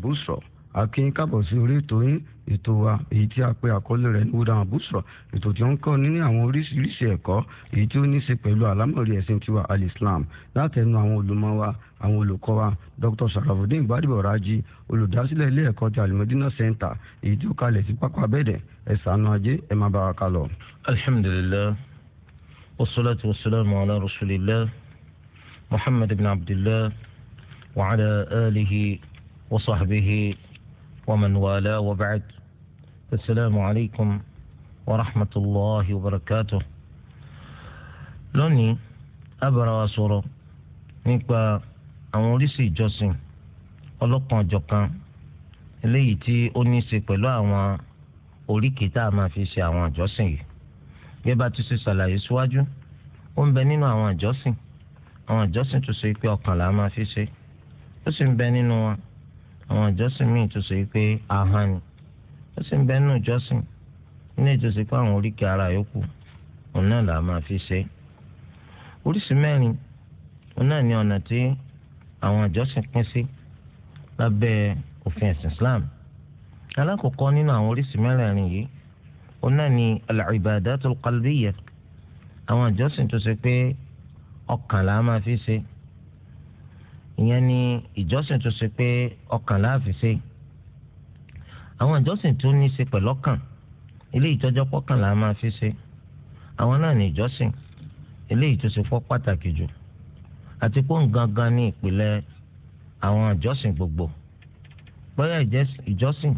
àbúṣọ akin kábọ̀ sí orí ètò yín ètò wa èyí tí a pe àkọlé rẹ̀ ní wúdà àbúṣọ ètò tí ó ń kọ́ ní àwọn oríṣiríṣi ẹ̀kọ́ èyí tí ó ní í ṣe pẹ̀lú àlámọ̀rí ẹ̀sìn tiwa alislam látẹnu àwọn olùmọ̀ wa àwọn olùkọ́ wa dr sarafudin gbadebo raji olùdásílẹ̀ ilé ẹ̀kọ́ ti alimọ̀dínà center èyí tí ó kalẹ̀ sí pápá abẹ́dẹ̀ ẹ̀sánú ajé ẹ̀ má bàa ká lọ. alhamdulilayi wasalaatu wasalaamu ala rasulillah muhammad ibn abdillah wa ala alihi. وصحبه ومن والاه وبعد السلام عليكم ورحمة الله وبركاته lónìí abara wa sọ̀rọ̀ nípa جوسين oríṣi ìjọsìn ọlọ́kan ọ̀jọ̀kan eléyìí tí ó ní í ṣe pẹ̀lú àwọn oríkèé tá a máa fi ṣe àwọn ìjọsìn yìí gẹ́gẹ́ bá ti ṣe ṣàlàyé síwájú ó ń bẹ nínú àwọn ìjọsìn àwọn ìjọsìn tó ṣe pé ọkàn la máa fi ṣe ó sì ń bẹ nínú wọn àwọn ìjọsìn míì tó ṣe pé ahọ́n ni ó sì ń bẹ nínú ìjọsìn nínú ìjọsìn pé àwọn oríkèé ara yòókù òun náà là máa fi ṣe oríṣìí mẹ́rin òun náà ni ọ̀nà tí àwọn ìjọsìn pín sí lábẹ́ òfin ẹ̀sìn Islam alákọ̀ọ́kọ́ nínú àwọn oríṣìí mẹ́rẹ̀ẹ̀rin yìí òun náà ni al-ibadatul àwọn ìjọsìn tó ṣe pé ọkàn là máa fi ṣe ìyẹn ni ìjọsìn tó ṣe pé ọkàn láàfin ṣe àwọn ìjọsìn tó ní í ṣe pẹ̀lú ọkàn ilé ìtọ́jọ́ pọ́kàn là máa fi ṣe àwọn náà ní ìjọsìn eléyìí tó ṣe fọ́ pàtàkì jù àti pé ngangan ní ìpìlẹ̀ àwọn ìjọsìn gbogbo bóyá ìjọsìn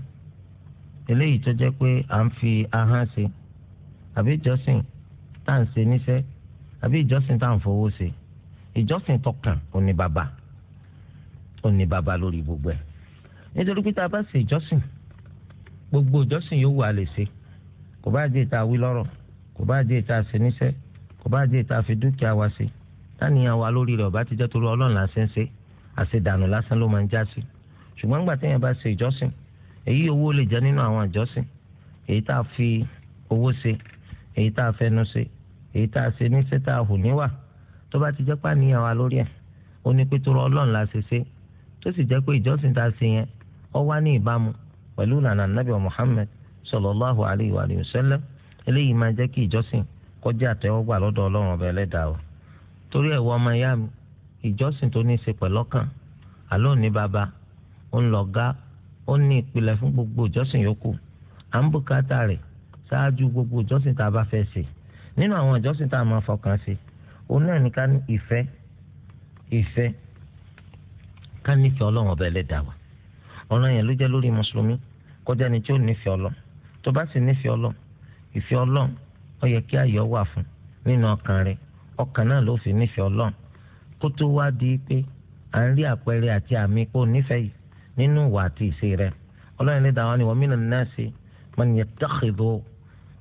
eléyìí tó jẹ́ pé à ń fi ahọ́n ṣe àbí ìjọsìn tá à ń ṣe níṣẹ́ àbí ìjọsìn tá à ń fowó ṣe ìjọsìn tọkàn òní bàbà ó baba bàbá lórí gbogbo ẹ̀ nítorí pé tá a bá ṣe ìjọsìn gbogbo ìjọsìn yóò wà lè ṣe kò bá jẹ́ ìta wí lọ́rọ̀ kò bá jẹ́ ìta ṣe níṣẹ́ kò bá jẹ́ ìta fi dúkìá wa ṣe táníyàn wa lórí rẹ̀ ọ̀bá ti jẹ́ torí ọlọ́run lásán ṣe àṣedànù lásán ló máa ń já sí ṣùgbọ́n nígbà téèyàn bá ṣe ìjọsìn èyí owó lè jẹ́ nínú àwọn ìjọsìn èyí tá a fi owó ṣe èyí tá a fẹnu ṣe èyí tá a ṣe níṣẹ́ tá a hù níwà tó bá ti jẹ́ pàníyàn wa lórí ẹ̀ ó ní pé torí ọlọ́run la ṣe ṣe tó sì jẹ́ pé ìjọsìn tá a ṣe yẹn ọ wá ní ìbámu pẹ̀lú ìlànà nàbẹ̀ Mohammed sallallahu alayhi wa sallam eléyìí máa jẹ́ kí ìjọsìn kó jẹ́ àtẹ́wọ́gbà lọ́dọ̀ Ọlọ́run ọba Ẹlẹ́dàá o torí ẹwọ ọmọ ìyá mi ìjọsìn tó ní í se pẹ̀lọ́kàn àló baba ó ń ó ní ìpìlẹ̀ fún gbogbo ìjọsìn yòókù à ń gbogbo ìjọsìn tá a bá fẹ́ nínú àwọn ìjọsìn tá a máa fọkàn òun ká nífẹ̀ẹ́ ọlọ́run ọba ẹlẹ́dàá wa ọ̀ràn yẹn ló jẹ́ lórí mùsùlùmí kọjá ni tí ó nífẹ̀ẹ́ ọlọ́run tó bá sì nífẹ̀ẹ́ ọlọ́run ìfẹ́ ọlọ́run ó yẹ kí ayọ̀ wà fún nínú ọkàn rẹ ọkàn náà ló fi nífẹ̀ẹ́ ọlọ́run kó tó wá di pé à ń rí àpẹẹrẹ àti àmì pé ó nífẹ̀ẹ́ yìí nínú ìwà àti ìṣe rẹ ọlọ́run ẹlẹ́dàá wa ni wa minan nasi man yattakhidhu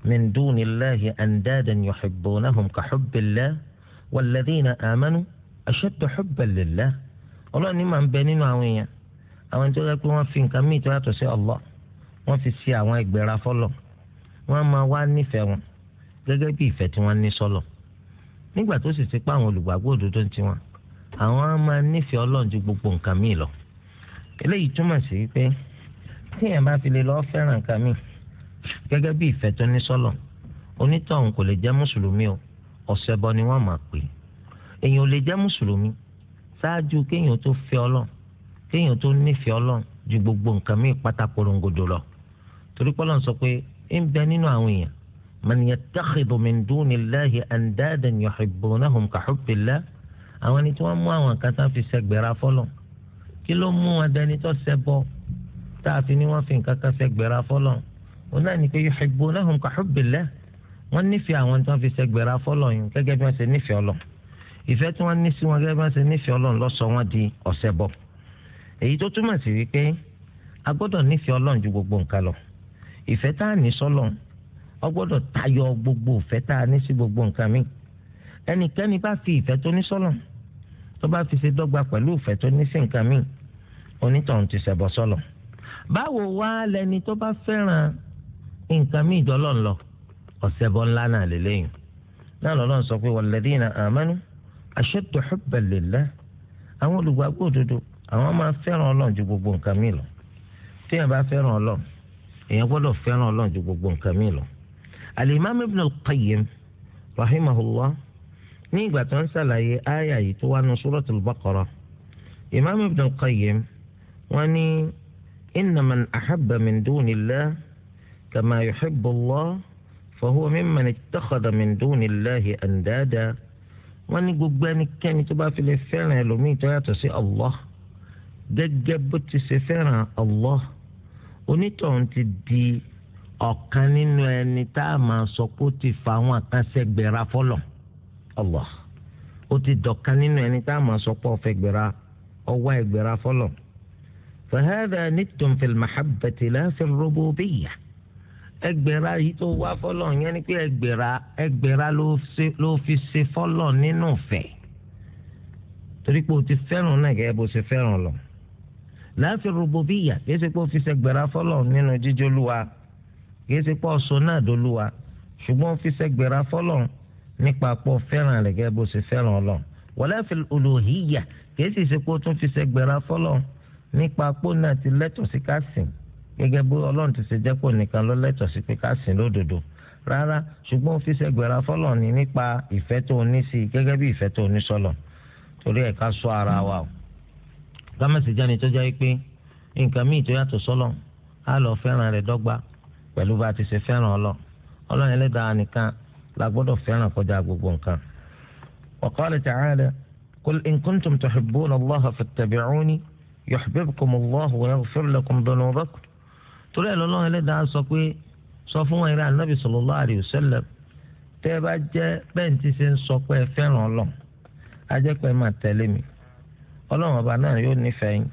min dunillahi andadan yuhibbunahum ka ọlọ́run ni máa ń bẹ nínú àwọn èèyàn àwọn tó yẹ pé wọ́n fi nǹkan míì tó yàtọ̀ sí Allah wọ́n fi ṣe àwọn ìgbéra fọlọ̀ wọ́n máa wá nífẹ̀ẹ́ wọn gẹ́gẹ́ bí ìfẹ́ tí wọ́n ní sọ́lọ̀ nígbà tó sì ti pa àwọn olùgbàgbọ́ òdodo ti wọn àwọn máa nífẹ̀ẹ́ ọlọ́run ju gbogbo nǹkan míì lọ eléyìí túmọ̀ sí pé tí èèyàn bá fi lè lọ́ọ́ fẹ́ràn nǹkan míì gẹ́gẹ́ bí ìfẹ́ tó ní sọ́lọ̀ onítọ̀hún kò lè jẹ́ mùsùlùmí o ọ̀sẹ̀ bọ ni wọ́n máa pè èèyàn ò lè jẹ́ mùsùlùmí ṣáájú kéèyàn tó fẹ́ ọlọ́run kéèyàn tó nífẹ̀ẹ́ ọlọ́run ju gbogbo nǹkan míì pátá korongodo lọ torí pé ọlọ́run sọ pé ń bẹ nínú àwọn èèyàn man yattakhidhu min dunillahi andadan yuhibbunahum ka hubbillah àwọn ẹni tí wọ́n mú àwọn nǹkan tán fi ṣẹgbẹ̀rà fọlọ́ kí ló mú wọn dání tó ṣẹbọ tá a fi ní wọ́n fi nǹkan kan ṣẹgbẹ̀rà fọlọ́ òun náà ni pé yuhibbunahum ka hubbillah wọ́n nífẹ̀ẹ́ àwọn tí fi ṣẹgbẹ̀rà fọlọ́ yìí gẹ́gẹ́ bí wọ́n ṣe nífẹ̀ẹ́ ọlọ́run ìfẹ́ tí wọ́n ní sí wọn gẹ́gẹ́ bá ṣe nífẹ̀ẹ́ ọlọ́run ló sọ di ọ̀sẹ̀ bọ̀ èyí tó túmọ̀ sí wípé a gbọ́dọ̀ nífẹ̀ẹ́ ọlọ́run ju gbogbo nǹkan lọ ìfẹ́ tá a ní sọ́lọ̀ ọ gbọ́dọ̀ tayọ gbogbo ìfẹ́ tá a ní sí gbogbo nǹkan mi ẹnikẹ́ni bá fi ìfẹ́ tó ní sọ́lọ̀ tó bá fi ṣe dọ́gba pẹ̀lú ìfẹ́ tó ní sí nǹkan mi onítọ̀hún ti ṣẹbọ sọ́lọ̀ báwo wá lẹni tó bá fẹ́ràn nǹkan mi ìjọlọ́ ńlọ ọ̀sẹ̀ bọ́ ńlá náà lélẹ́yìn náà lọ́lọ́run sọ pé walladhina amanu ashaddu hubban lillah àwọn olùgbàgbọ́ òdodo àwọn máa fẹ́ràn ọlọ́run ju gbogbo nǹkan mi lọ téèyàn bá fẹ́ràn ọlọ́run èèyàn gbọ́dọ̀ fẹ́ràn ọlọ́run ju gbogbo nǹkan mi lọ. al-imam ibn al-qayyim rahimahullah ní ìgbà tó ń ṣàlàyé àyà yìí tó wà ní suratul baqara imam ibn al-qayyim wọ́n ní inna man min dunillah kama yuhibbu Allah fahuwa mimman ittakhadha min dunillahi andada wọ́n ní gbogbo ẹnikẹ́ni tó bá fi lè fẹ́ràn ẹlòmíì tó yàtọ̀ sí Allah gẹ́gẹ́ bó ti ṣe fẹ́ràn Allah onítọ̀hún ti di ọ̀kan nínú ẹni tá a máa sọ pé ó ti fa àwọn àkànṣe gbéra fọlọ̀ Allah ó ti dọ̀kan nínú ẹni tá a máa sọ pé ọ̀fẹ́ gbéra ọwọ́ ẹgbẹ́ra fọlọ̀ fahadha nittum fil mahabbati la fil ẹgbẹ̀ra yìí tó wá fọlọ́ yẹn ni pé ẹgbẹ̀ra ẹgbẹ̀ra ló fi ṣe fọlọ́ nínú fẹ̀ torí pé o ti fẹ́ràn náà gẹ́gẹ́ bó ṣe fẹ́ràn lọ láti rububiyya kìí ṣe pé o fi ṣe gbẹ̀ra fọlọ́ nínú jíjó lúwa kìí ṣe pé ọ̀ṣọ́ náà dolúwa ṣùgbọ́n o fi ṣe gbẹ̀ra fọlọ́ nípa pọ̀ fẹ́ràn rẹ̀ gẹ́gẹ́ bó ṣe fẹ́ràn lọ wala fil uluhiyya kìí ṣe pé o tún fi ṣe gbẹ̀ra fọlọ́ nípa pọ̀ náà ti lẹ́tọ̀ọ́ sí ká sìn gẹ́gẹ́ bó ọlọ́run ti ṣe jẹ́ pò nìkan ló lẹ́tọ̀ọ́ sí pé ká sìn lódodo rárá ṣùgbọ́n fi ṣègbéra fọlọ́ ni nípa ìfẹ́ tó ní sí i gẹ́gẹ́ bí ìfẹ́ tó ní sọ́lọ̀ torí ẹ̀ ká sọ ara wa o gámẹ́sì jáde tó jẹ́ pé nǹkan míì tó yàtọ̀ sọ́lọ̀ á lọ fẹ́ràn rẹ̀ dọ́gba pẹ̀lú bá a ti ṣe fẹ́ràn ọlọ́ ọlọ́run ẹlẹ́dàá nìkan la gbọ́dọ̀ fẹ́ràn kọjá gbogbo nǹkan. wa qala ta'ala qul in kuntum tuhibbuna Allaha fattabi'uni yuhbibkum Allahu wa yaghfir lakum dhunubakum torí ẹ̀ lọ́lọ́run ẹlẹ́dàá sọ pé sọ fún wọn ìran anábì sallallahu alaihi wasallam tẹ́ ẹ bá jẹ́ bẹ́ẹ̀ ti ṣe ń sọ pé ẹ fẹ́ràn ọlọ́run á pé ẹ máa tẹ̀lé mi ọlọ́run ọba náà yóò nífẹ̀ẹ́ yín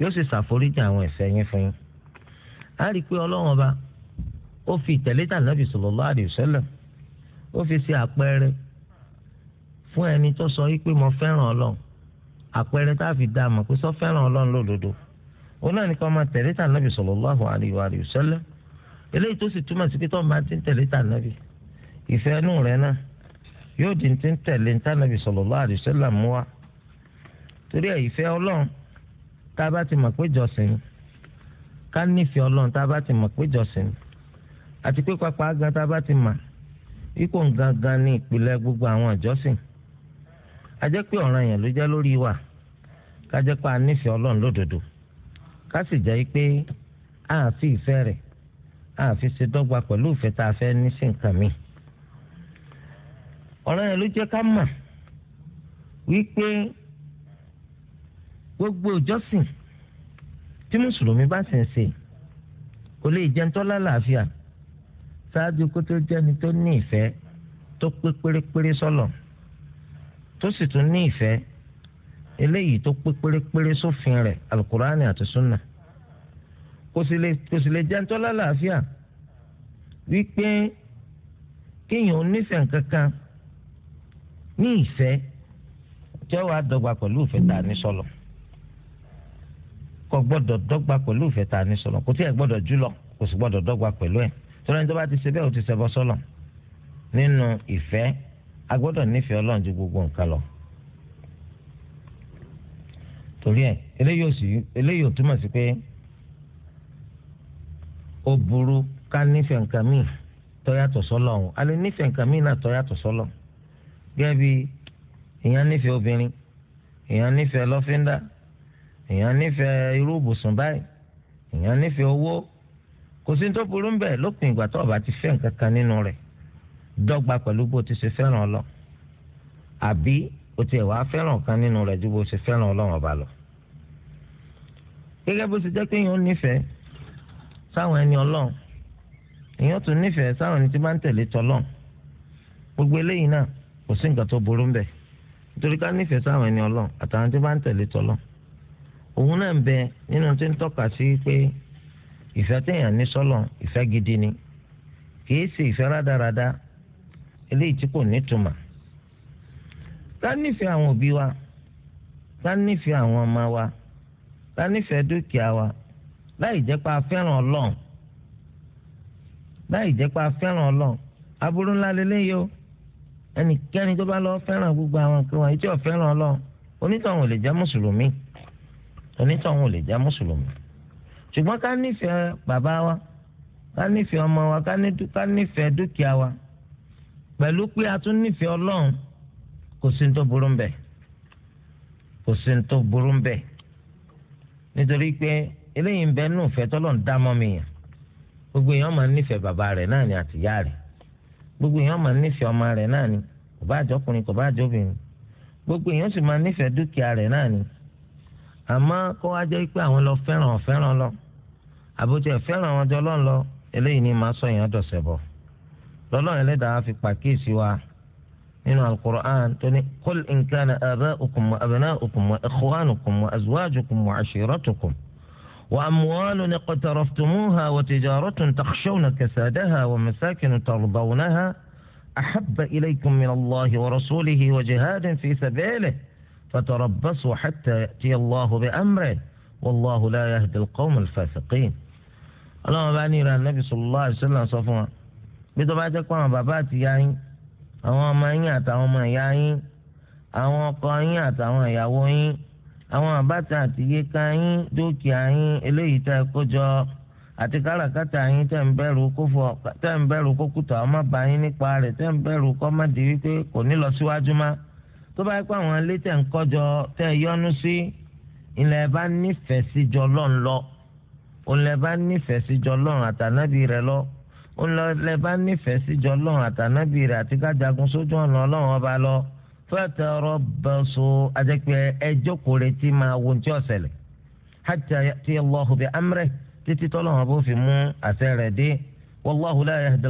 yóò sì ṣàforíjì àwọn ẹ̀ṣẹ̀ yín fún yín á rí i pé ọlọ́run ọba ó fi ìtẹ̀lé tà nábì sallallahu alaihi wasallam ó fi ṣe àpẹẹrẹ fún ẹni tó sọ wípé mo fẹ́ràn ọlọ́run àpẹẹrẹ tá a fi dá a mọ̀ pé sọ fẹ́ràn ọlọ́run lódodo òun náà ní kí wọn máa tẹ̀lé tà nàbì sallallahu alaihi wa alihi wasallam eléyìí tó sì túmọ̀ sí pé tó máa ti ń tẹ̀lé tà nàbì ìfẹ́ inú rẹ̀ náà yóò di ti ń tẹ̀lé tà nàbì sallallahu alaihi wasallam mú wa torí ẹ̀ ìfẹ́ ọlọ́run tá a bá ti mọ̀ pé jọ̀sìn ká nífẹ̀ẹ́ ọlọ́run tá a bá ti mọ̀ pé jọ̀sìn àti pé pápá gan tá a bá ti mọ̀ ikú gangan ní ìpìlẹ̀ gbogbo àwọn ìjọsìn a jẹ́ pé ọ̀ranyàn ló jẹ́ lórí wa ká jẹ́ pé a nífẹ̀ẹ́ ọlọ́run lódodo ká sì jẹ́ pé àáfi ìfẹ́ rẹ̀ àáfi ṣe dọ́gba pẹ̀lú ìfẹ́ tá a fẹ́ ní sí nǹkan mi. ọ̀rọ̀ yẹn ló jẹ́ ká mà wípé gbogbo ìjọsìn tí mùsùlùmí bá sì ń ṣe kò lè jẹ́ ń tọ́lá làáfíà ṣáájú kó tó jẹ́ni tó ní ìfẹ́ tó pé pérépéré sọ́lọ̀ tó sì tún ní ìfẹ́ eléyìí tó pé pérépéré sófin rẹ̀ alukurani àti sunna kò sì lè kò sì lè jẹ́ ntọ́lá làáfíà wípé kéèyàn onífẹ̀ẹ́ kankan ní ìfẹ́ jẹ́wọ́ àdọ́gba pẹ̀lú ìfẹ́ tá a ní sọ̀lọ̀ kò gbọ́dọ̀ dọ́gba pẹ̀lú ìfẹ́ tá a ní sọ̀lọ̀ kò tí ẹ̀ gbọ́dọ̀ jùlọ kò sì gbọ́dọ̀ dọ́gba pẹ̀lú ẹ̀ tọ́lá ní tó bá ti ṣe bẹ́ẹ̀ ó ti ṣẹbọ sọ̀lọ̀ nínú ìfẹ́ a nífẹ̀ẹ́ Ọlọ́run ju gbogbo nǹkan lọ torí ẹ eléyìí ò sí eléyìí ò túmọ̀ sí pé ó burú ká nífẹ̀ẹ́ nǹkan míì tọ́yàtọ̀ sọ́lọ̀ ọ̀hún a lè nífẹ̀ẹ́ nǹkan míì náà tọ́yàtọ̀ sọ́lọ̀ gẹ́gẹ́ bí èèyàn nífẹ̀ẹ́ obìnrin èèyàn nífẹ̀ẹ́ lọ́fíńdà èèyàn nífẹ̀ẹ́ irú ibùsùn báyìí èèyàn nífẹ̀ẹ́ owó kò sí tó burú bẹ́ẹ̀ lópin ìgbà tó o ti fẹ́ nǹkan kan nínú rẹ̀ dọ́gba pẹ̀lú bó ti ṣe fẹ́ràn ọ àbí kò tiẹ̀ wá fẹ́ràn kan nínú rẹ̀ ju bó ṣe fẹ́ràn ọlọ́run ọba lọ. gẹ́gẹ́ bó ṣe jẹ́ pé èèyàn nífẹ̀ẹ́ sáwọn ẹni ọlọ́run èèyàn tún nífẹ̀ẹ́ sáwọn ẹni tí bá ń tẹ̀lé tọlọ́run gbogbo eléyìí náà kò sí nǹkan tó burú ń bẹ̀ nítorí ká nífẹ̀ẹ́ sáwọn ẹni ọlọ́run àtàwọn tí bá ń tẹ̀lé tọlọ́run òun náà ń bẹ nínú tí ń tọ́ka sí pé ìfẹ́ téèyàn ní sọ́lọ̀ ìfẹ́ gidi ni kì í ṣe ìfẹ́ rádaràda eléyìí tí kò nítumọ̀ ká nífẹ̀ẹ́ àwọn òbí wa ká nífẹ̀ẹ́ àwọn ọmọ wa ká nífẹ̀ẹ́ dúkìá wa láì jẹ́ pé a fẹ́ràn ọlọ́run láì jẹ́ pé a fẹ́ràn ọlọ́run aburú ńlá lélẹ́yìí o ẹnikẹ́ni tó bá lọ fẹ́ràn gbogbo àwọn nǹkan wọ̀nyí tí ò fẹ́ràn ọlọ́run onítọ̀hún ò lè jẹ́ mùsùlùmí onítọ̀hún ò lè jẹ́ mùsùlùmí ṣùgbọ́n ká nífẹ̀ẹ́ bàbá wa ká nífẹ̀ẹ́ ọmọ wa ká nífẹ̀ẹ́ dúkìá wa pẹ̀lú pé a tún nífẹ̀ẹ́ ọlọ́run kò sí ní tó burú ń bẹ kò sí ní tó burú ń bẹ nítorí pé eléyìí ń bẹ nínú ìfẹ́ tọ́lọ́ ń dá mọ́ mi yàn gbogbo èèyàn máa ń nífẹ̀ẹ́ bàbá rẹ̀ náà ni àtìyá rẹ̀ gbogbo èèyàn máa ń nífẹ̀ẹ́ ọmọ rẹ̀ náà ni kò bá àjọkùnrin kò bá àjọbìnrin gbogbo èèyàn sì máa ń nífẹ̀ẹ́ dúkìá rẹ̀ náà ni àmọ́ kó wá jẹ́ pé àwọn lọ fẹ́ràn fẹ́ràn lọ àbójútó fẹ́ràn wọn jọ lọ́n lọ eléyìí ni màá sọ èèyàn dọ̀sẹ̀ bọ̀ lọ́lọ́run ẹlẹ́dàá fi pàkíyèsí wa. من القرآن قل إن كان آباؤكم وأبناؤكم وإخوانكم وأزواجكم وعشيرتكم وأموال اقترفتموها وتجارة تخشون كسادها ومساكن ترضونها أحب إليكم من الله ورسوله وجهاد في سبيله فتربصوا حتى يأتي الله بأمره والله لا يهدي القوم الفاسقين اللهم إلى النبي صلى الله عليه وسلم صفوا بدو بعدك وما باباتي يعني àwọn ọmọ yín àtàwọn ọmọ ìyá yín àwọn ọkọ yín àtàwọn ìyàwó yín àwọn àbátan àti yíká yín dúkìá yín eléyìí tẹ́ ẹ kó jọ àti káràkátà yín tẹ́ ń bẹ̀rù kófò tẹ́ ń bẹ̀rù kókùtà ọmọ bá yín nípa rẹ̀ tẹ́ ń bẹ̀rù kọ́mọ́dé wípé kò ní lọ síwájú má tó bá yẹ pé àwọn ilé tẹ̀ ń kọ́jọ tẹ́ ẹ sí ilẹ̀ bá nífẹ̀ẹ́ síjọ lọ́n lọ òun bá nífẹ̀ẹ́ síjọ lọ́n àtànábì rẹ̀ lọ́ọ́ ó lọ lẹ bá nífẹ̀ẹ́ síjọ lọ́run àtànábì rẹ̀ àti kájagun sójú ọ̀nà ọlọ́run ọba lọ fatarabbasu ajẹ́pẹ́ ẹ jókòó retí máa wo ní tí ó ṣẹlẹ̀ hatta ya'ti Allahu bi amrihi títí tọ́lọ́run ọba ó fi mú àṣẹ rẹ̀ dé wallahu la yahdi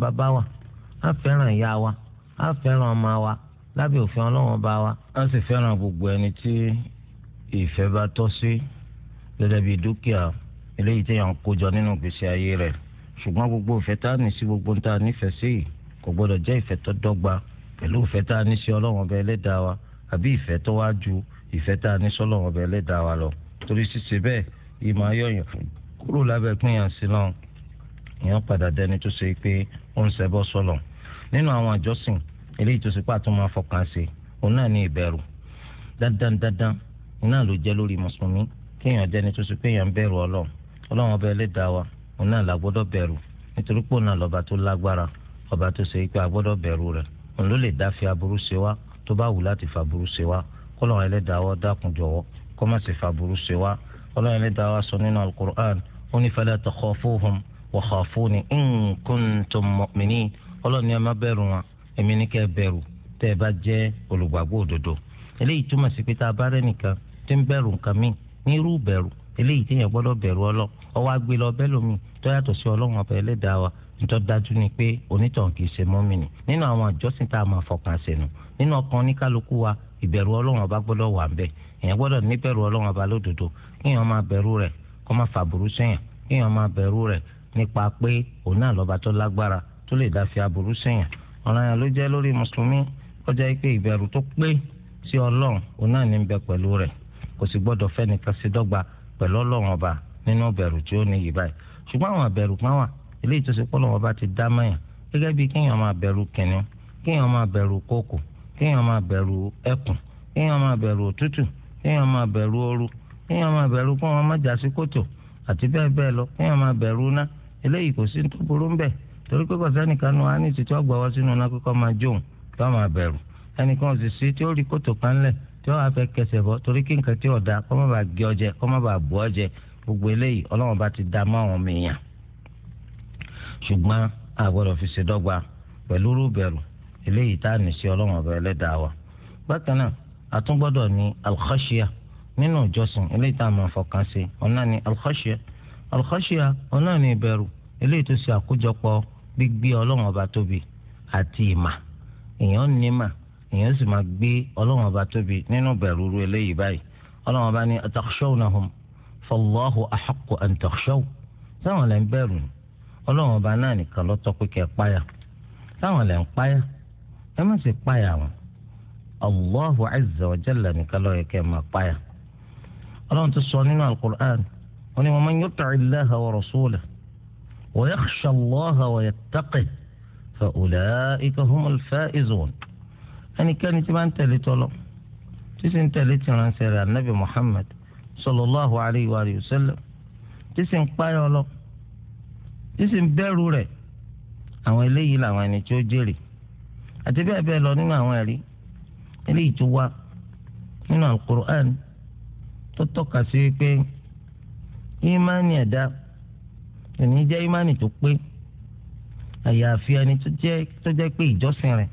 bàbá wa a ìyá wa a ọmọ wa lábẹ́ òfin ọlọ́wọ́n bá wa. a sì fẹ́ràn gbogbo ẹni tí ìfẹ́ bá tọ́ sí gẹ́gẹ́ bí dúkìá eléyìí téèyàn kójọ nínú ìgbésí ayé rẹ̀ ṣùgbọ́n gbogbo ìfẹ́ tá a ní sí gbogbo ń tá a nífẹ̀ẹ́ sí yìí kò gbọ́dọ̀ jẹ́ ìfẹ́ tó dọ́gba pẹ̀lú ìfẹ́ tá a ní sí ọlọ́wọ́n ọba ẹlẹ́dàá wa àbí ìfẹ́ tó wá ju ìfẹ́ tá a ní sí ọlọ́wọ́n ọba ẹlẹ́dàá wa lọ torí ṣíṣe bẹ́ẹ̀ yìí máa yọ̀yàn kúrò lábẹ́ pínyàn sí náà èèyàn padà dẹni tó ṣe pé ó ń ṣẹbọ sọlọ nínú àwọn àjọsìn eléyìí tó ṣe pé àtúmọ̀ afọkàn ṣe òun náà ní ìbẹ̀rù dandan dandan iná ló jẹ́ lórí mùsùlùmí kéèyàn jẹ́ni tó ṣe pé èèyàn ń bẹ̀rù ọlọ́run ọlọ́run ọba ẹlẹ́dàá wa òun náà la gbọ́dọ̀ bẹ̀rù nítorí pé òun náà lọ́ba tó lágbára ọba tó ṣe pé a gbọ́dọ̀ bẹ̀rù rẹ̀ òun ló lè dáfi aburú ṣe wá tó bá wù láti fa aburú ṣe wá kọ́lọ́run ẹlẹ́dàá wa dákun jọ̀wọ́ èmi ní kẹ́ bẹ̀rù tẹ́ ẹ bá jẹ́ olùgbàgbọ́ òdodo eléyìí túmọ̀ sí pé tá a bá rẹ́ nìkan tí ń bẹ̀rù nǹkan míì ní irú bẹ̀rù eléyìí téèyàn gbọ́dọ̀ bẹ̀rù ọlọ́ ọwọ́ agbé lọ bẹ́ẹ̀ lómi tó yàtọ̀ sí ọlọ́run ọba ẹlẹ́dàá wa nítorí dájú ni pé onítàn kì í ṣe mọ́mìnì nínú àwọn àjọsìn tá a máa fọkàn ṣẹ̀nu nínú ọkàn oníkálukú wa ìbẹ̀rù ọlọ́run ọba gbọ́dọ̀ wà ń bẹ̀ èèyàn gbọ́dọ̀ ní bẹ̀rù ọlọ́run ọba lódodo kéèyàn máa bẹ̀rù rẹ̀ kó má fàbùrú sẹ́yìn kéèyàn máa bẹ̀rù rẹ̀ nípa pé òun náà lọ́ba tó lágbára tó lè dáfi aburú sẹ́yìn ọ̀ranyàn ló jẹ́ lórí mùsùlùmí ó jẹ́ pé ìbẹ̀rù tó pé sí ọlọ́run òun náà ní bẹ pẹ̀lú rẹ̀ kò sì gbọ́dọ̀ fẹ́nìkan ṣe dọ́gba pẹ̀lú ọlọ́run ọba nínú ìbẹ̀rù tí ó ní yìí báyìí ṣùgbọ́n àwọn ìbẹ̀rù kan wà eléyìí tó ṣe pé ọlọ́run ọba ti dá mọ́yàn gẹ́gẹ́ bíi kéèyàn máa bẹ̀rù kìnìún kéèyàn máa bẹ̀rù kókò kéèyàn máa bẹ̀rù ẹkùn kéèyàn máa bẹ̀rù òtútù kéèyàn máa bẹ̀rù ooru kéèyàn máa bẹ̀rù kó wọn má já sí kòtò àti bẹ́ẹ̀ bẹ́ẹ̀ lọ kéèyàn máa bẹ̀rù ná eléyìí kò sí tó burú ń bẹ̀ torí pé kò sẹ́nìkan nu àánì tí wọ́n gbọ́wọ́ sínú náà kíkọ́ máa jóun tí wọ́n máa bẹ̀rù ẹnìkan sì sí tí ó rí kòtò kan lẹ̀ tí wọ́n á fẹ́ kẹsẹ̀ bọ́ torí kí nǹkan tí ọ̀dà kọ́ má bàa gé ọjẹ kọ́ má bàa bù ọjẹ gbogbo eléyìí ọlọ́run bá ti dá mọ́ àwọn mìíràn ṣùgbọ́n a gbọ́dọ̀ fi ṣe dọ́gba pẹ̀lú rúbẹ̀rù eléyìí tá à ní sí ọlọ́run ọ̀bẹ ẹlẹ́dàá wa bákan náà a tún gbọ́dọ̀ ní alkhashia nínú ìjọsìn eléyìí tá a máa fọkàn sí ọ̀nà ní alkhashia alkhashia ọ̀nà ní ìbẹ̀rù eléyìí tó ṣe àkójọpọ̀ gbígbé ọlọ́run ọba tóbi àti ìmà èèyàn nímà èèyàn sì máa gbé ọlọ́run ọba tóbi nínú bẹ̀rù ru eléyìí báyìí ọlọ́run ọba ní atakhshawnahum fallahu ahaqqu an takhshaw sáwọn lẹ́ ń bẹ̀rù ọlọ́run ọba náà nìkan ló pé kẹ́ ẹ páyà sáwọn lẹ́ ń páyà ẹ má sì páyà wọn allahu azza wa jalla nìkan ló yẹ kẹ́ ẹ máa páyà ọlọ́run tó sọ nínú al ويخشى الله ويتقه فأولئك هم الفائزون أني يعني كان ما أنت لتولو تس أنت لتنان سير النبي محمد صلى الله عليه وآله وسلم تس قايلو تس بيروري أو إلي إلا وين تجري أتبع بيلو نما والي إلي توا من القرآن تتوقع سيكي إيماني أدام ẹni jẹ́ ìmánì tó pé àyàfi ẹni tó jẹ́ tó jẹ́ pé ìjọsìn rẹ̀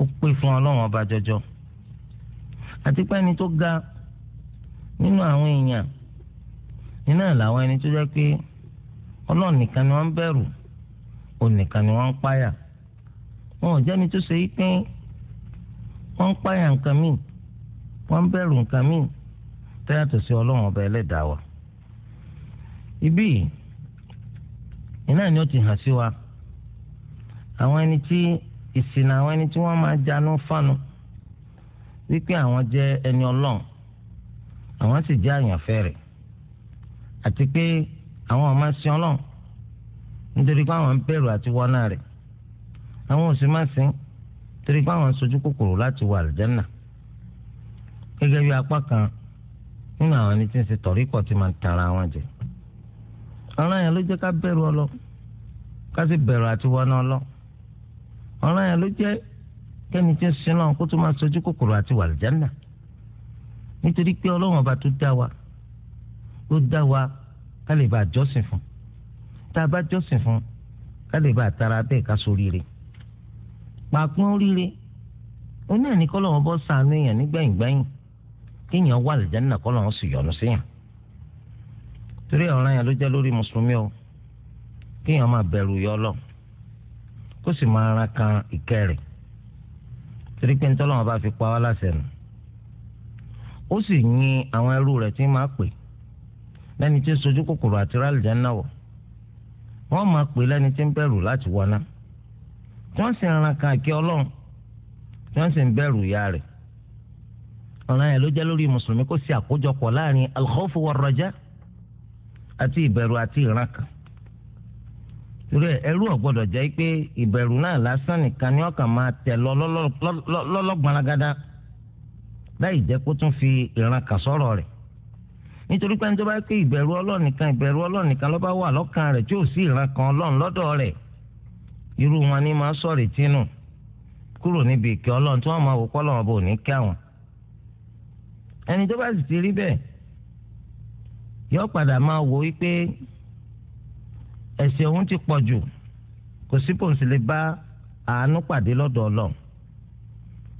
ó pé fún ọlọ́run ọba jọjọ àti pé ẹni tó ga nínú àwọn èèyàn nínú àlàwọn ẹni tó jẹ́ pé ọlọ́run nìkan ni wọ́n ń bẹ̀rù òun nìkan ni wọ́n ń páyà wọn ò jẹ́ni tó ṣe pé wọ́n ń páyà nǹkan míì wọ́n ń bẹ̀rù nǹkan míì tẹ́yàtọ̀ sí ọlọ́run ọba ẹlẹ́dàá wa ibí yìí iná ni ó ti hàn sí wa àwọn ẹni tí ìsìn àwọn ẹni tí wọ́n máa jánu fánu wípé àwọn jẹ́ ẹni ọlọ́run àwọn sì jẹ́ àyànfẹ́ rẹ̀ àti pé àwọn ọmọ sin ọlọ́run nítorí pé àwọn ń bẹ̀rù àti wọ́nà rẹ̀ àwọn ò máa sin torí pé àwọn ń sojú kòkòrò láti wọ àlùjànnà gẹ́gẹ́ bí apá kan nínú àwọn ẹni tí ń ṣe tí tara wọn jẹ. ọ̀ràn yẹn ló jẹ́ ká bẹ̀rù ọlọ ká sì bẹ̀rù àti wọnà ọlọ ọ̀ràn yẹn ló jẹ́ kẹ́ni tí ń sin náà kó tó máa sojú kòkòrò àti wàlìjánà nítorí pé ọlọ́run ọba tó dá wa ó dá wa ká lè bá a jọ́sìn fún tá a bá jọ́sìn fún ká lè bá a tara bẹ́ẹ̀ ká soríire pàápàá oríire oní ẹ̀ ní kọ́lọ́run bọ́ sànú èèyàn nígbẹ̀yìngbẹ̀yìn kéèyàn wà lìjánà kọ́lọ́run sì yọ́nú séèyàn torí ọ̀ràn yẹn ló jẹ́ lórí mùsùlùmí o kéèyàn máa bẹ̀rù yọ lọ kó sì máa ra kan ìkẹrẹ̀ torí pé nítorí wọn bá fi pa wá láṣẹ nù ó sì yin àwọn ẹrú rẹ̀ tí máa pè lẹ́ni tí ń sojú kòkòrò àti rálìjẹ́ náà wọ̀ wọ́n máa pè lẹ́ni tí ń bẹ̀rù láti wọná tí wọ́n sì ran kan àkẹ́ ọlọ́run tí wọ́n sì ń bẹ̀rù ìyá rẹ̀ ọ̀ràn yẹn ló jẹ́ lórí mùsùlùmí kó sì àkójọpọ̀ láàrin alkhawfu warraja' àti ìbẹ̀rù àti ìran kan torí ẹrú ọ̀gbọ́dọ̀ jẹ́ pé ìbẹ̀rù náà lásán nìkan ni ọkàn máa tẹ̀ lọ lọ́lọ́gbọ̀nragada láì jẹ́ kó tún fi ìran kà sọ̀rọ̀ rẹ̀ nítorí pé níjọba pé ìbẹ̀rù Ọlọ́run nìkan ìbẹ̀rù Ọlọ́run nìkan ló bá wà lọ́kàn rẹ̀ tí ò sí ìran kan Ọlọ́run lọ́dọ̀ rẹ̀ irú wọn ni máa sọ̀rọ̀ tínú kúrò níbi ìkẹ́ Ọlọ́run tí wọ́n máa wò pọ́ lọ́wọ́ bò ní kí àwọn ẹni sì ti rí bẹ́ẹ̀ yóò padà máa wò wípé ẹ̀ṣẹ̀ òun ti pọ̀ jù kò sí pòǹsì lè bá àánú pàdé lọ́dọ̀ ọlọ́run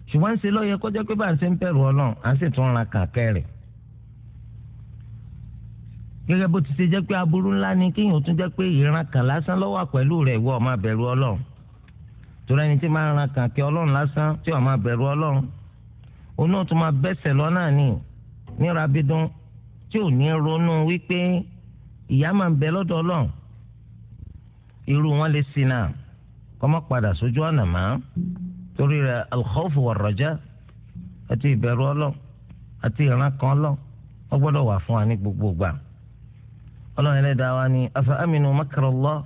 ṣùgbọ́n ṣe lọ́yẹ kọjá pé bá ń ṣe ń bẹ̀rù ọlọ́run à ń sì tún ra kàkẹ́ rẹ̀ gẹ́gẹ́ bó ti ṣe jẹ́ pé aburú ńlá ni kéèyàn tún jẹ́ pé ìran kan lásán ló pẹ̀lú rẹ̀ ìwọ máa bẹ̀rù ọlọ́run torí ẹni tí máa ń ran kàkẹ́ ọlọ́run lásán tí ó máa bẹ̀rù ọlọ́run onú tún máa bẹ́sẹ̀ lọ́nà ní níra bídún tí ò ní ronú wípé ìyá máa ń bẹ lọ́dọ̀ ọlọ́run irú wọn lè sin náà kọ́mọ́ padà sójú ọ̀nà mọ́ torí rẹ̀ alkhawfu warraja àti ìbẹ̀rù ọlọ́run àti ìran kan ọlọ́run wọ́n gbọ́dọ̀ wà fún wa ní gbogbo gbà ọlọ́run ẹlẹ́dàá wa ni afa aminu makra Allah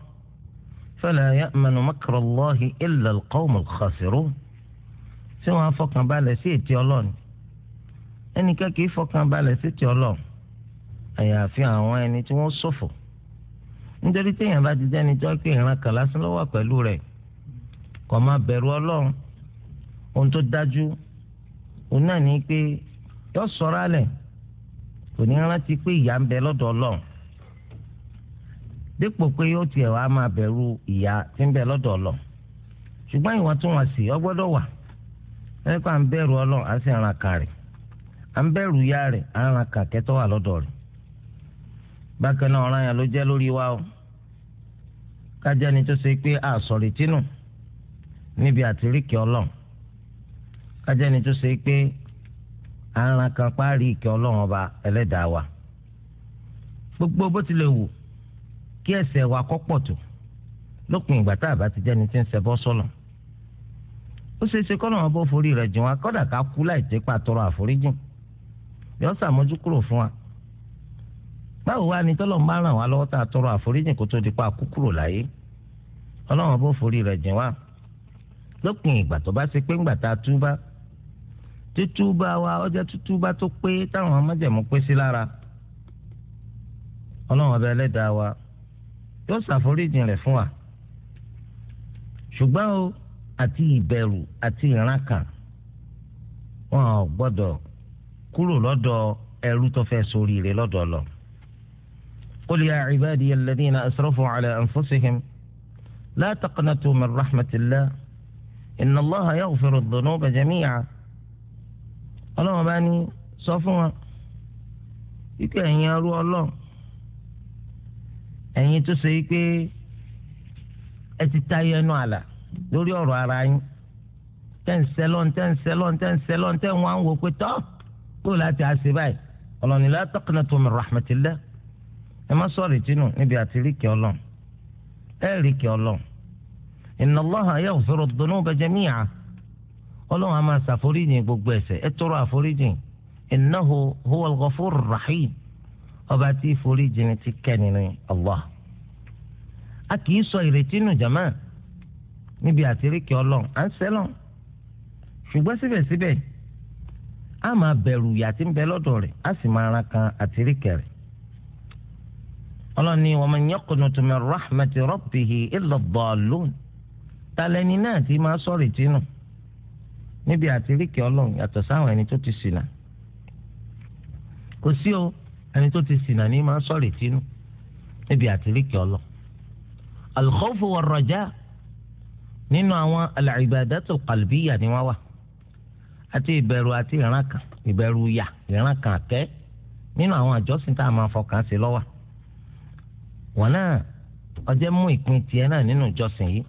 fala ya'manu makra Allahi illa alqawmul khasirun tí wọ́n á sí ètí ọlọ́run ẹnìkan kì í fọkàn sí ètí ọlọ́run àyàfi àwọn ẹni tí wọ́n ṣòfò nítorí téèyàn bá ti jẹ́ni tó pé ìran kan lásán ló pẹ̀lú rẹ̀ kó máa bẹ̀rù ọlọ́run ohun tó dájú òun náà ní pé yọ sọ̀rọ̀ alẹ̀ kò ní rántí pé ń bẹ dípò pé yóò tiẹ̀ wá máa bẹ̀rù ìyà tí ń bẹ lọ́dọ̀ ṣùgbọ́n ìwọ̀ntúnwọ̀nsì wà ẹ̀ka ń bẹ̀rù ọlọ́run à ń bákan náà ọ̀ràn yẹn ló jẹ́ lórí wa o kájá ni tó ṣe pé àsọ̀rì tínú níbi àtiríkì ọlọ́run kájá ni tó ṣe pé àrùn kan páàrí ìkẹ́ ọlọ́run ọba ẹlẹ́dàá wa gbogbo bó tilẹ̀ wù kí ẹ̀ṣẹ̀ wa kọ́ pọ̀ tó lópin ìgbà tá a bá ti jẹ́ni tí ń ṣẹbọ sọ̀nà ó ṣeé ṣe kọ́ lọ́wọ́ bó forí rẹ̀ jìn wá kọ́dà ká kú láì tẹ́pà tọrọ àforíjìn yọ sàmójúkúrò fún wa báwo wá ni tọ́lọ̀ máa ràn wá lọ́wọ́ tá a tọrọ àforíjì kó tó di pa kúkúrò láyé ọlọ́run bó forí rẹ̀ jìn wá lópin ìgbà tó bá ṣe pé ńgbà tá a túbá títúbà wa ọjọ́ títúbà tó pé táwọn ọmọdéjẹ̀mú pé sí lára ọlọ́run ọba ẹlẹ́dàá wa yóò ṣàforíjì rẹ̀ fún wa ṣùgbọ́n o àti ìbẹ̀rù àti ìrankàn wọn ò gbọ́dọ̀ kúrò lọ́dọ̀ ẹrú tó fẹ́ ṣoríire lọ́dọ̀ Ọlọ́run. قل يا عبادي الذين أسرفوا على أنفسهم لا تقنطوا من رحمة الله إن الله يغفر الذنوب جميعا ọlọ́run bá ní sọ fún wa wípé ẹ̀yin arú ọlọ́run ẹ̀yin tó ṣe wípé ẹ ti tayọ ẹnu àlà lórí ọ̀rọ̀ ara yín tẹ́ǹsẹ́lọ́n tẹ́ǹsẹ́lọ́n tẹ́ǹsẹ́lọ́n tẹ́ǹwá ń wò pé tọ́ kó láti àṣẹ báyìí ọlọ́run la taqnatu min rahmatillah ẹ má sọ̀rọ̀ ìtinú níbi àti ríkẹ́ ọlọ́run ẹ ríkẹ́ ọlọ́run inna Allaha yaghfiru dhunuba jami'a ọlọ́run a máa ṣàforíjìn gbogbo ẹ̀ṣẹ̀ ẹ tọrọ àforíjìn innahu huwal ghafurur rahim ọba tí ìforíjìn ti kẹ́ni ní Allah a ka sọ ìrètí nù jàmá níbi àti ríkẹ́ ọlọ́run à ń ṣùgbọ́n síbẹ̀síbẹ̀ a máa bẹ̀rù ìyà ń bẹ lọ́dọ̀ rẹ̀ a sì máa ran kan àtiríkẹ̀ rẹ̀ ọlọ́run ní wa man yaqnutu min rahmati rabbihi illa ad-dallun talẹ́ni náà ti máa sọ̀rọ̀ ìtinú níbi àtiríkì ọlọ́run yàtọ̀ sáwọn ẹni tó ti ṣìnà kò sí o ẹni tó ti ṣìnà ní máa sọ̀rọ̀ ìtinú níbi àtiríkì ọlọ́ al-khawfu war nínú àwọn al-ibadatu qalbiyya ni wọ́n wà àti ìbẹ̀rù àti ìran ìbẹ̀rù yà ìran kẹ́ nínú àwọn àjọsìn tá a máa fọkàn sí lọ́wọ́ wọn náà ọjọ́ mú ìpín tiẹ̀ náà nínú ìjọsìn yìí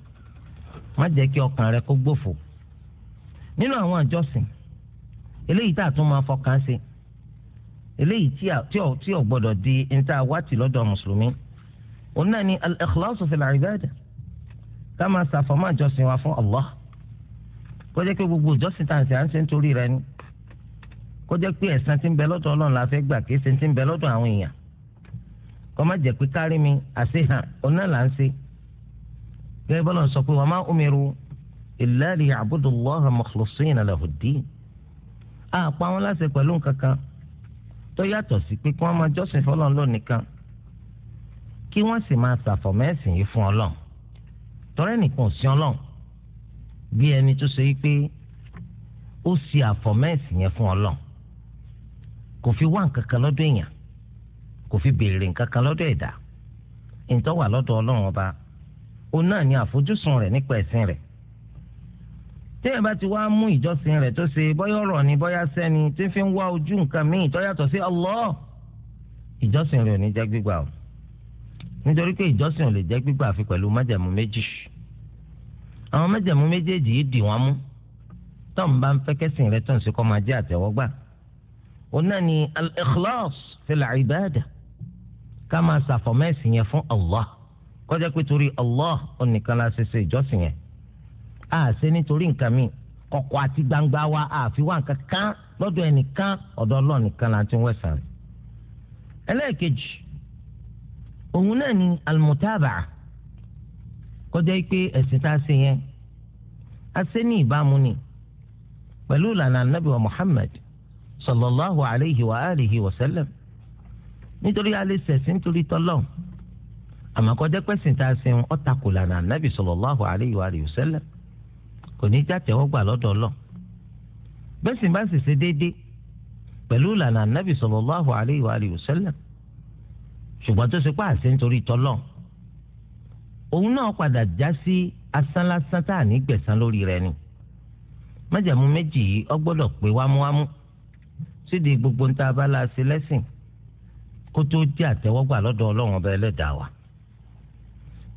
má jẹ́ kí ọkàn rẹ kó gbòfò nínú àwọn ìjọsìn eléyìí tá a tún máa fọkàn sí eléyìí tí ò gbọ́dọ̀ di níta wáàtì lọ́dọ̀ mùsùlùmí òun náà ni al-ikhlasu fil ibada ká máa ṣàfọ̀mọ́ ìjọsìn wa fún Allah kó jẹ́ pé gbogbo ìjọsìn tá à ń ṣe à ń ṣe nítorí rẹ ni kó jẹ́ pé ẹ̀san tí ń bẹ lọ́dọ̀ Ọlọ́run la fẹ́ gbà kí ẹ̀san tí ń bẹ lọ́dọ̀ àwọn èèyàn kọ́má jẹ́ pé kárí mi àṣehàn ọ̀nà là ń ṣe. gẹ́gẹ́ bọ́lá ń sọ pé wàá má umiru illa liya'budu Allaha mukhlisina lahud-din. a pa wọn láṣẹ pẹ̀lú nǹkan kan tó yàtọ̀ sí pé kí wọ́n máa jọ́sìn fọlọ́n lónìkan kí wọ́n sì máa ṣàfọ̀mẹ́sìn yìí fún ọlọ́run tọ́rẹ́ nìkan ò sí ọlọ́run bí ẹni tó ṣe pé ó ṣe àfọ̀mẹ́sìn yẹn fún ọlọ́run kò fi wá nǹkan kan lọ́dọ̀ èèyàn kò fi béèrè nǹkan kan lọ́dọ̀ ẹ̀dá ìtọ́ wà lọ́dọ̀ ọlọ́run ọba òun náà ni àfojúsùn rẹ̀ nípa ẹ̀sìn rẹ̀ téèyàn bá ti wá mú ìjọsìn rẹ̀ tó ṣe bóyá ọ̀rọ̀ ni bóyá sẹ́ni tí fi ń wá ojú nǹkan míì tó yàtọ̀ sí Allah ìjọsìn rẹ̀ ò ní jẹ́ gbígbà o nítorí pé ìjọsìn ò lè jẹ́ gbígbà àfi pẹ̀lú májẹ̀mú méjì àwọn májẹ̀mú méjèèjì yìí dì wọ́n mú tọ́m bá ń fẹ́ kẹ́sìn rẹ̀ tó ń ṣe kọ́ máa jẹ́ àtẹ̀wọ́gbà òun náà ni al-ikhlas fil ibadah ká máa ṣàfọ̀mẹ́sì yẹn fún Allah kọjá pé torí Allah onìkan la ṣe ṣe ìjọsìn yẹn a ṣe nítorí nǹkan mi kọ̀kọ̀ àti gbangba wa àfi wá nǹkan kan lọ́dọ̀ ẹnìkan ọ̀dọ̀ Ọlọ́run nìkan la ti ń wẹ̀sán rẹ̀ ẹlẹ́ẹ̀kejì òun náà ni almutaba kọjá pé ẹ̀sìn tá a ṣe yẹn a ṣe ní ìbámu ni pẹ̀lú ìlànà anabi wa Muhammad sallallahu alayhi wa alihi wa sallam nítorí a lè ṣẹ̀sìn nítorí tọ́lọ́hùn àmọ́ kọjá pẹ̀sìn tá a sẹ́wọ̀n ọ̀tà kò lànà ànábì sallallahu alaihi wa sallam kò ní jàtẹ̀wọ́gbà lọ́dọ̀ ọlọ́ bá sì ṣe déédéé pẹ̀lú ìlànà ànábì sallallahu alaihi wa sallam ṣùgbọ́n tó ṣe pé àṣẹ nítorí tọ́lọ́hùn òun náà padà já sí si tá à ní gbẹ̀sán lórí ni májàmú méjì yìí ọgbọ́dọ̀ pé wámúwámú sídìí gbogbo kó tó di àtẹ́wọ́gbà lọ́dọ̀ Ọlọ́run ọba Ẹlẹ́dàá wa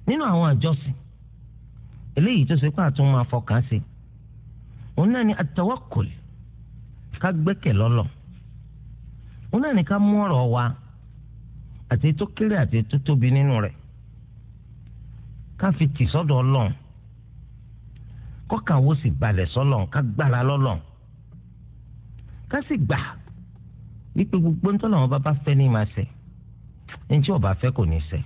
nínú àwọn àjọsìn eléyìí tó ṣe pé àtún máa fọkàn sí òun náà ni àtẹwọ́kùl ká gbẹ́kẹ̀ lọ́lọ́ òun náà ni ká mú ọ̀rọ̀ wa àti tó kéré àti tó tóbi nínú rẹ̀ ká fi tì sọ́dọ̀ Ọlọ́run kọ́kàwó sì balẹ̀ sọ́lọ́run ká gbára lọ́lọ́run ká sì gbà wípé gbogbo nítorí àwọn bàbá fẹ́ ní máa ṣe ẹni tí ọba fẹ́ kò ní ṣe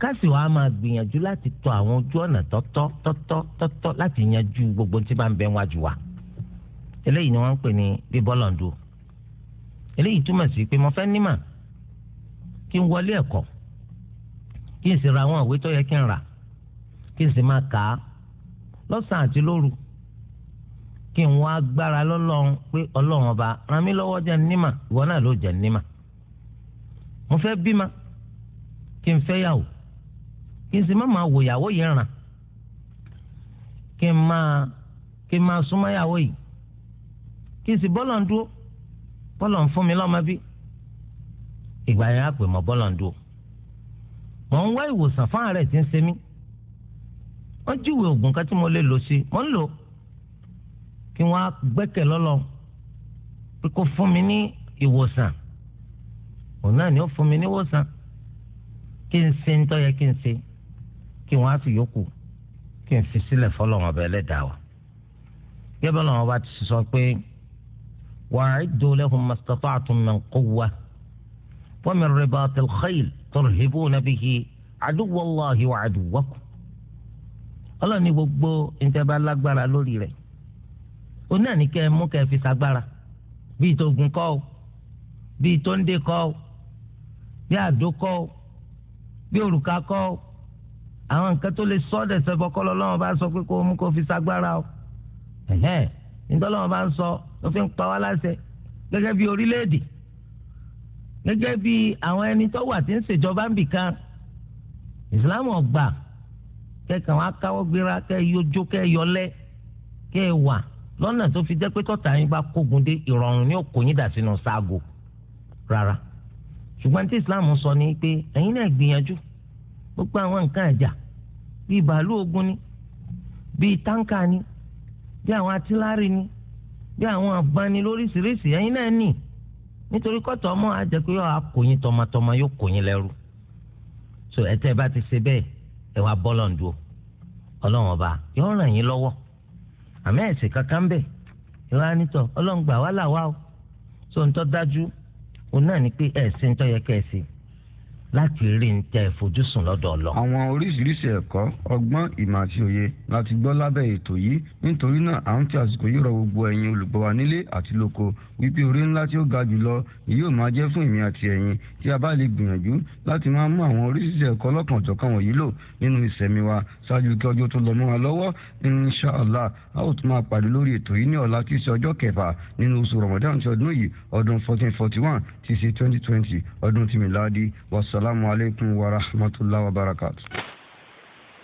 káàsì wàá máa gbìyànjú láti tọ àwọn ojú ọ̀nà tọ́tọ́ tọ́tọ́ tọ́tọ́ láti yanjú gbogbo tí bá ń bẹ wájú wa eléyìí ni wọ́n ń pè ní bíbọ́lọ̀ǹdù eléyìí túmọ̀ sí pé mo fẹ́ nímà kí n wọlé ẹ̀kọ́ kí n sì ra àwọn ìwé tó yẹ kí n rà kí n sì máa kà á lọ́sàn-án àti lóru kí n wá gbára lọ́lọ́run pé ọlọ́run ọba ràn mí lọ́wọ́ jẹ́ nímà ìwọ náà ló jẹ́ nímà mo fẹ́ bímọ kí n fẹ́ yàwó kí n sì má máa wò yàwó yìí ràn kí n máa kí n máa súnmọ́ yàwó yìí kí n sì bọ́lọ̀ ń dúró bọ́lọ̀ ń fún mi lọ́mọ bí ìgbà yẹn á pè mọ́ bọ́lọ̀ ń dúró mọ̀ ń wá ìwòsàn fún àárẹ̀ tí ń ṣe mí wọ́n jíwèé oògùn kan tí mo lè lò sí mò ń lò ó kí wọ́n á gbẹ́kẹ̀ lọ́lọ́ pé kó fún mi ní ìwòsàn òun náà ni ó fún mi ní ìwòsàn kí n ṣe ń tọ́ yẹ kí n ṣe kí wọ́n á sì yókù kí n fi sílẹ̀ fọlọ́wọn ọbẹ̀ ẹlẹ́dàá wa gẹ́gẹ́ lọ́wọ́ bá ti sọ pé wa'iddu lahum mastata'tum min quwwa wa min ribatil khayl turhibuna bihi aduwwallahi wa aduwwakum ọlọ́ni gbogbo ìjẹba lágbára lórí rẹ̀ ó náà ní kẹ́ ẹ mú kẹ́ ẹ fi sagbára bíi tó gun kọ́ ọ bíi tó ń dé kọ́ ọ bíi àdó kọ́ ọ bíi òrùka kọ́ ọ àwọn nǹkan tó lè sọ ọ́dẹ̀ sẹ́fọ́ kọ́ lọ́wọ́ bá sọ pé kó mú kó fi sagbára ọ ẹ̀hẹ́ nítorí bá ń sọ ló fi ń pa wá láṣẹ gẹ́gẹ́ bí orílẹ̀-èdè gẹ́gẹ́ àwọn ẹni tó wà tí ń ṣèjọba ń bì kan ìsìláàmù ọgbà kẹ́kàn wọn akáwọ́ gbéra kẹ́ yọjó kẹ́ yọlẹ́ kẹ́ wà lọ́nà tó fi jẹ́ pé tọ́ta yín bá kógun dé ìrọ̀rùn ni ó kó yín dà sínú ságo rárá ṣùgbọ́n tí islam sọ ni pé ẹ̀yin náà gbìyànjú gbogbo àwọn nǹkan ẹ̀jà bíi bàálù ogun ni bíi táǹkà ni bí àwọn atílárì ni bí àwọn àgbani lóríṣiríṣi ẹ̀yin náà nì nítorí kọ́tọ̀ ọmọ àjẹpé yóò akòyìn tọmọtọmọ yóò kòyìn lẹ́rú so ẹ̀tẹ́ bá ti ṣe bẹ́ẹ̀ ẹ̀ wá bọ́lọ̀ ń dúró ọlọ́run ọba yóò ràn yín lọ́wọ́ àmì ẹ̀sìn kankan bẹ̀ ìwà nítọ̀ ọlọ́ngbà wà láwa o sóńtọ́ dájú òun náà ni pé ẹ̀sìn tó yẹ kẹ́ ẹ̀sìn láti rí ń tẹ ìfojúsùn lọ́dọ̀ lọ. àwọn oríṣiríṣi ẹ̀kọ́ ọgbọ́n ìmọ̀ àti òye láti gbọ́ lábẹ́ ètò yìí nítorí náà à ń fi àsìkò yìí rọ gbogbo ẹ̀yin olùgbọ́ wa nílé àti lóko wípé orí ńlá tí ó ga jùlọ ni yóò máa jẹ́ fún èmi àti ẹ̀yin tí a bá lè gbìyànjú láti máa mú àwọn oríṣiríṣi ẹ̀kọ́ lọ́kàn ọ̀jọ̀kan wọ̀nyí lò nínú ìṣẹ̀mí wa ṣáájú kí ọjọ́ tó lọ mọ́ wa lọ́wọ́ inṣàlá a ó tún máa pàdé lórí ètò yìí ní ọ̀la tí í ṣe ọjọ́ kẹfà nínú oṣù rọ̀mọ̀dán ti ọdún yìí ọdún fourteen forty one ti ṣe twenty twenty ọdún tìmíláàdì wàṣ السلام عليكم ورحمة الله وبركاته